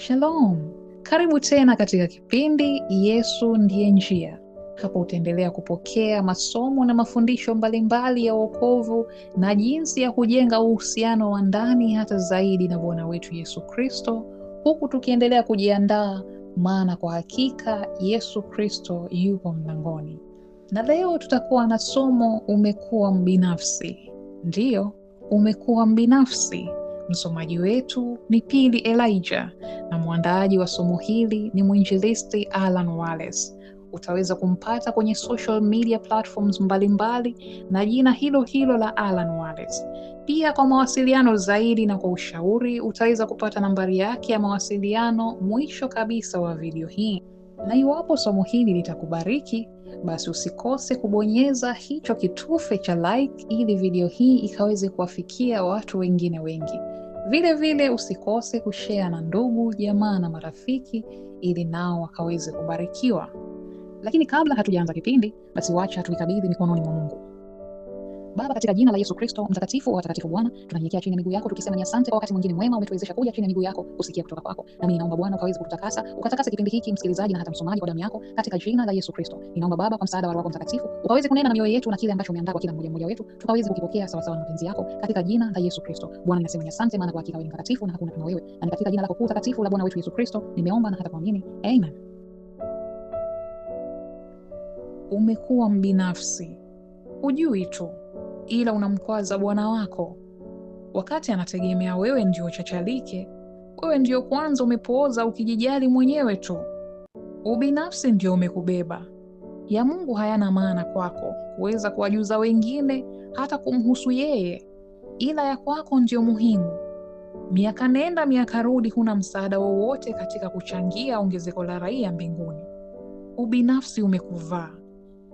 Shalom, karibu tena katika kipindi Yesu Ndiye Njia. hapo utaendelea kupokea masomo na mafundisho mbalimbali ya uokovu na jinsi ya kujenga uhusiano wa ndani hata zaidi na Bwana wetu Yesu Kristo, huku tukiendelea kujiandaa, maana kwa hakika Yesu Kristo yupo mlangoni. Na leo tutakuwa na somo, umekuwa mbinafsi. Ndiyo, umekuwa mbinafsi. Msomaji wetu ni Pili Elijah na mwandaaji wa somo hili ni mwinjilisti Alan wales Utaweza kumpata kwenye social media platforms mbalimbali mbali, na jina hilo hilo la Alan wales Pia kwa mawasiliano zaidi na kwa ushauri utaweza kupata nambari yake ya mawasiliano mwisho kabisa wa video hii. Na iwapo somo hili litakubariki, basi usikose kubonyeza hicho kitufe cha like ili video hii ikaweze kuwafikia watu wengine wengi. Vile vile usikose kushea na ndugu, jamaa na marafiki ili nao wakaweze kubarikiwa. Lakini kabla hatujaanza kipindi, basi wacha tuikabidhi mikononi mwa Mungu. Baba, katika jina la Yesu Kristo mtakatifu wa watakatifu, Bwana tunanyenyekea chini ya miguu yako tukisema ni asante kwa wakati mwingine mwema umetuwezesha kuja chini ya miguu yako kusikia kutoka kwako. Na mimi naomba Bwana ukaweze kututakasa, ukatakasa kipindi hiki, msikilizaji na hata msomaji, kwa damu yako katika jina la Yesu Kristo. Ninaomba Baba, kwa msaada wa Roho Mtakatifu ukaweze kunena na mioyo yetu na kile ambacho umeandaa kwa kila mmoja mmoja wetu tukaweze kukipokea sawa sawa na mapenzi yako katika jina la Yesu Kristo. Bwana ninasema ni asante, maana kwa hakika wewe ni mtakatifu na hakuna kama wewe, na ni katika jina lako kuu takatifu la Bwana wetu Yesu Kristo nimeomba na hata kuamini, amen. Umekuwa mbinafsi, hujui tu ila unamkwaza bwana wako, wakati anategemea wewe ndio uchachalike. Wewe ndio kwanza umepooza ukijijali mwenyewe tu, ubinafsi ndio umekubeba. Ya Mungu hayana maana kwako kuweza kuwajuza wengine hata kumhusu yeye, ila ya kwako ndio muhimu. Miaka nenda miaka rudi, huna msaada wowote katika kuchangia ongezeko la raia mbinguni. Ubinafsi umekuvaa.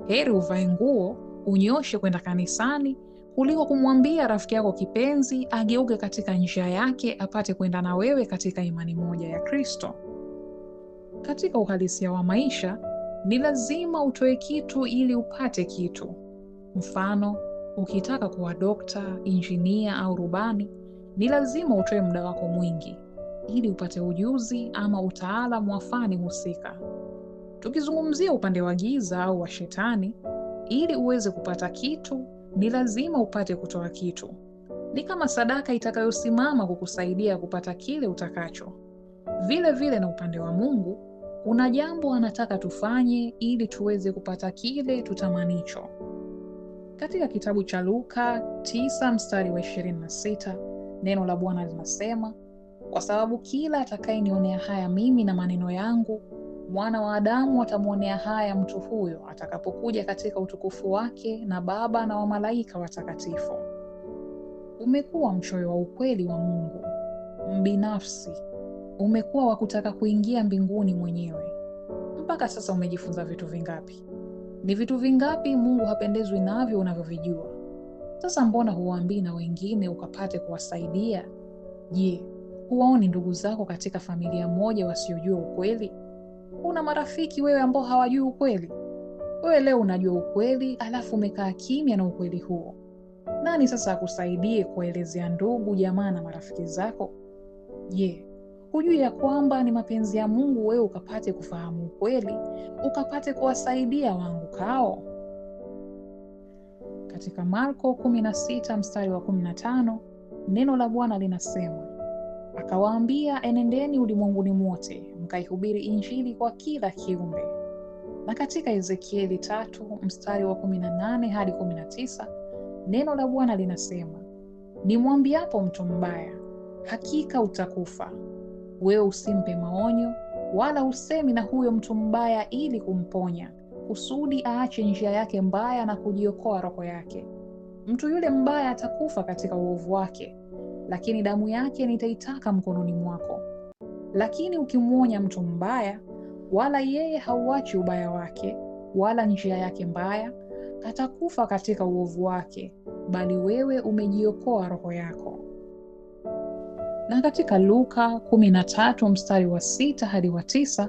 Heri uvae nguo unyoshe kwenda kanisani kuliko kumwambia rafiki yako kipenzi ageuke katika njia yake apate kwenda na wewe katika imani moja ya Kristo. Katika uhalisia wa maisha ni lazima utoe kitu ili upate kitu. Mfano, ukitaka kuwa dokta, injinia au rubani, ni lazima utoe muda wako mwingi ili upate ujuzi ama utaalamu wa fani husika. Tukizungumzia upande wa giza au wa shetani, ili uweze kupata kitu, ni lazima upate kutoa kitu. Ni kama sadaka itakayosimama kukusaidia kupata kile utakacho. Vile vile na upande wa Mungu, kuna jambo anataka tufanye ili tuweze kupata kile tutamanicho. Katika kitabu cha Luka 9 mstari wa 26, neno la Bwana linasema, kwa sababu kila atakayenionea haya mimi na maneno yangu mwana wa Adamu watamwonea haya mtu huyo atakapokuja katika utukufu wake na Baba na wamalaika watakatifu. Umekuwa mchoyo wa ukweli wa Mungu, mbinafsi. Umekuwa wa kutaka kuingia mbinguni mwenyewe. Mpaka sasa umejifunza vitu vingapi? Ni vitu vingapi Mungu hapendezwi navyo unavyovijua? Sasa mbona huwaambii na wengine ukapate kuwasaidia? Je, huwaoni ndugu zako katika familia moja wasiojua ukweli? una marafiki wewe ambao hawajui ukweli. Wewe leo unajua ukweli, alafu umekaa kimya na ukweli huo. Nani sasa akusaidie kuelezea ndugu, jamaa na marafiki zako? Je, hujui ya kwamba ni mapenzi ya Mungu wewe ukapate kufahamu ukweli, ukapate kuwasaidia waangukao? Katika Marko 16 mstari wa 15 neno la Bwana linasema, akawaambia, enendeni ulimwenguni mwote mkaihubiri Injili kwa kila kiumbe. Na katika Ezekieli tatu mstari wa 18 hadi 19 neno la Bwana linasema, nimwambiapo mtu mbaya, hakika utakufa, wewe usimpe maonyo wala usemi na huyo mtu mbaya ili kumponya, kusudi aache njia yake mbaya na kujiokoa roho yake. Mtu yule mbaya atakufa katika uovu wake, lakini damu yake nitaitaka mkononi mwako lakini ukimwonya mtu mbaya, wala yeye hauachi ubaya wake wala njia yake mbaya, atakufa katika uovu wake, bali wewe umejiokoa roho yako. Na katika Luka 13 mstari wa sita hadi wa tisa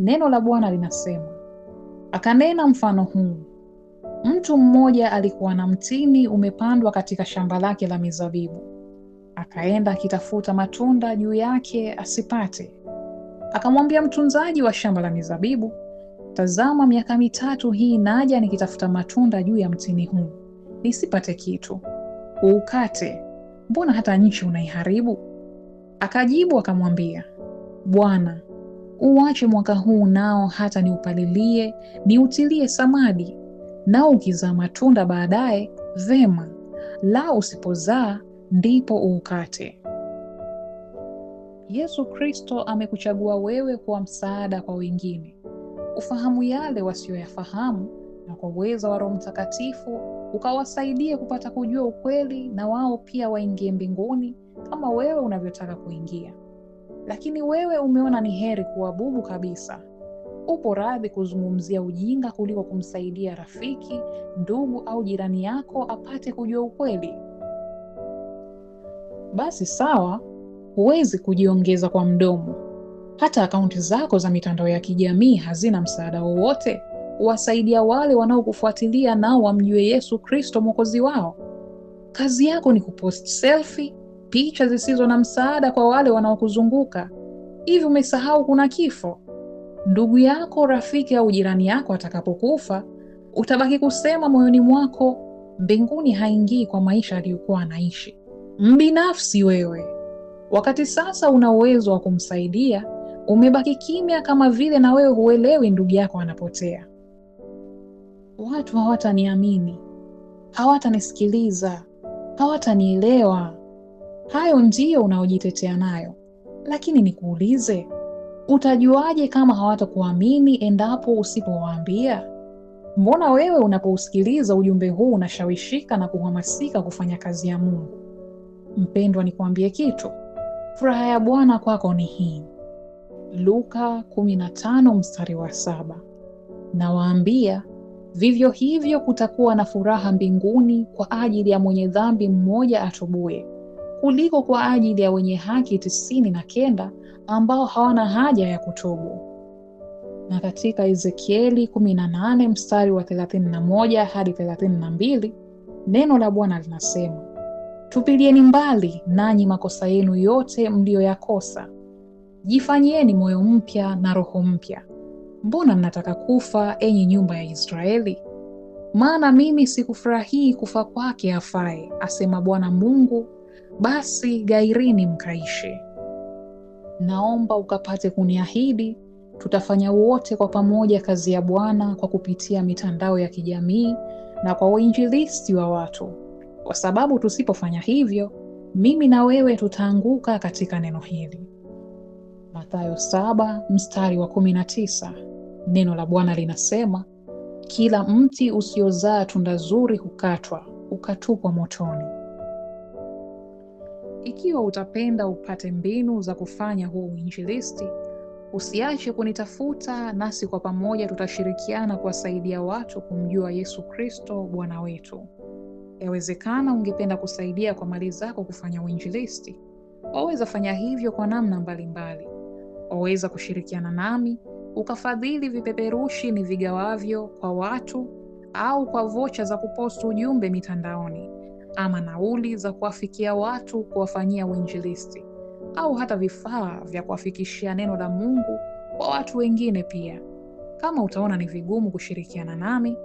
neno la Bwana linasema, akanena mfano huu: mtu mmoja alikuwa na mtini umepandwa katika shamba lake la mizabibu akaenda akitafuta matunda juu yake asipate. Akamwambia mtunzaji wa shamba la mizabibu, tazama, miaka mitatu hii naja nikitafuta matunda juu ya mtini huu, nisipate kitu. Uukate, mbona hata nchi unaiharibu? Akajibu akamwambia, Bwana, uache mwaka huu nao hata niupalilie, niutilie samadi, nao ukizaa matunda baadaye, vema; la usipozaa ndipo uukate. Yesu Kristo amekuchagua wewe kuwa msaada kwa wengine, ufahamu yale wasiyoyafahamu, na kwa uwezo wa Roho Mtakatifu ukawasaidie kupata kujua ukweli, na wao pia waingie mbinguni kama wewe unavyotaka kuingia. Lakini wewe umeona ni heri kuwa bubu kabisa. Upo radhi kuzungumzia ujinga kuliko kumsaidia rafiki, ndugu au jirani yako apate kujua ukweli basi sawa, huwezi kujiongeza kwa mdomo. Hata akaunti zako za mitandao ya kijamii hazina msaada wowote wasaidia wale wanaokufuatilia nao wamjue Yesu Kristo mwokozi wao. Kazi yako ni kupost selfie, picha zisizo na msaada kwa wale wanaokuzunguka. Hivi umesahau kuna kifo? Ndugu yako, rafiki au jirani yako atakapokufa, utabaki kusema moyoni mwako, mbinguni haingii kwa maisha aliyokuwa anaishi mbinafsi wewe, wakati sasa una uwezo wa kumsaidia, umebaki kimya, kama vile na wewe huelewi ndugu yako anapotea. Watu hawataniamini, hawatanisikiliza, hawatanielewa. Hayo ndiyo unaojitetea nayo, lakini nikuulize, utajuaje kama hawatakuamini endapo usipowaambia? Mbona wewe unapousikiliza ujumbe huu unashawishika na kuhamasika kufanya kazi ya Mungu? Mpendwa, nikuambie kitu, furaha ya Bwana kwako ni hii. Luka 15 mstari wa saba. Nawaambia vivyo hivyo kutakuwa na furaha mbinguni kwa ajili ya mwenye dhambi mmoja atubue kuliko kwa ajili ya wenye haki tisini na kenda ambao hawana haja ya kutubu. Na katika Ezekieli 18 mstari wa 31 hadi 32 neno la Bwana linasema tupilieni mbali nanyi makosa yenu yote mliyoyakosa, jifanyieni moyo mpya na roho mpya. Mbona mnataka kufa, enye nyumba ya Israeli? Maana mimi sikufurahii kufa kwake afae asema Bwana Mungu. Basi gairini mkaishi. Naomba ukapate kuniahidi, tutafanya wote kwa pamoja kazi ya Bwana kwa kupitia mitandao ya kijamii na kwa uinjilisti wa watu kwa sababu tusipofanya hivyo, mimi na wewe tutaanguka katika neno hili. Mathayo saba mstari wa tisa neno la Bwana linasema, kila mti usiozaa tunda zuri hukatwa ukatupwa motoni. Ikiwa utapenda upate mbinu za kufanya huu uinjilisti, usiache kunitafuta, nasi kwa pamoja tutashirikiana kuwasaidia watu kumjua Yesu Kristo Bwana wetu. Yawezekana ungependa kusaidia kwa mali zako kufanya uinjilisti. Waweza fanya hivyo kwa namna mbalimbali. Waweza kushirikiana nami ukafadhili vipeperushi ni vigawavyo kwa watu au kwa vocha za kuposti ujumbe mitandaoni ama nauli za kuwafikia watu kuwafanyia uinjilisti au hata vifaa vya kuwafikishia neno la Mungu kwa watu wengine pia. Kama utaona ni vigumu kushirikiana nami,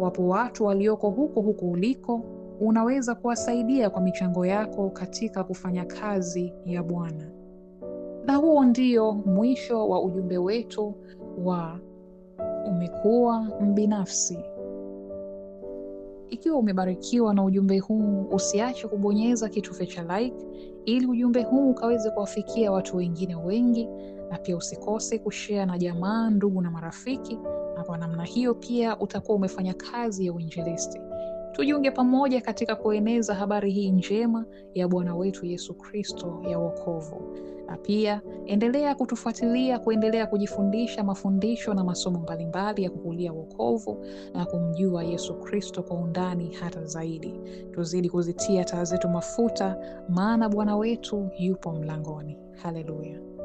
wapo watu walioko huko huko uliko unaweza kuwasaidia kwa michango yako katika kufanya kazi ya Bwana. Na huo ndio mwisho wa ujumbe wetu wa umekuwa mbinafsi. Ikiwa umebarikiwa na ujumbe huu, usiache kubonyeza kitufe cha like ili ujumbe huu ukaweze kuwafikia watu wengine wengi, na pia usikose kushea na jamaa, ndugu na marafiki, na kwa namna hiyo pia utakuwa umefanya kazi ya uinjilisti. Tujiunge pamoja katika kueneza habari hii njema ya Bwana wetu Yesu Kristo ya wokovu, na pia endelea kutufuatilia kuendelea kujifundisha mafundisho na masomo mbalimbali ya kukulia wokovu na kumjua Yesu Kristo kwa undani hata zaidi. Tuzidi kuzitia taa zetu mafuta, maana Bwana wetu yupo mlangoni. Haleluya.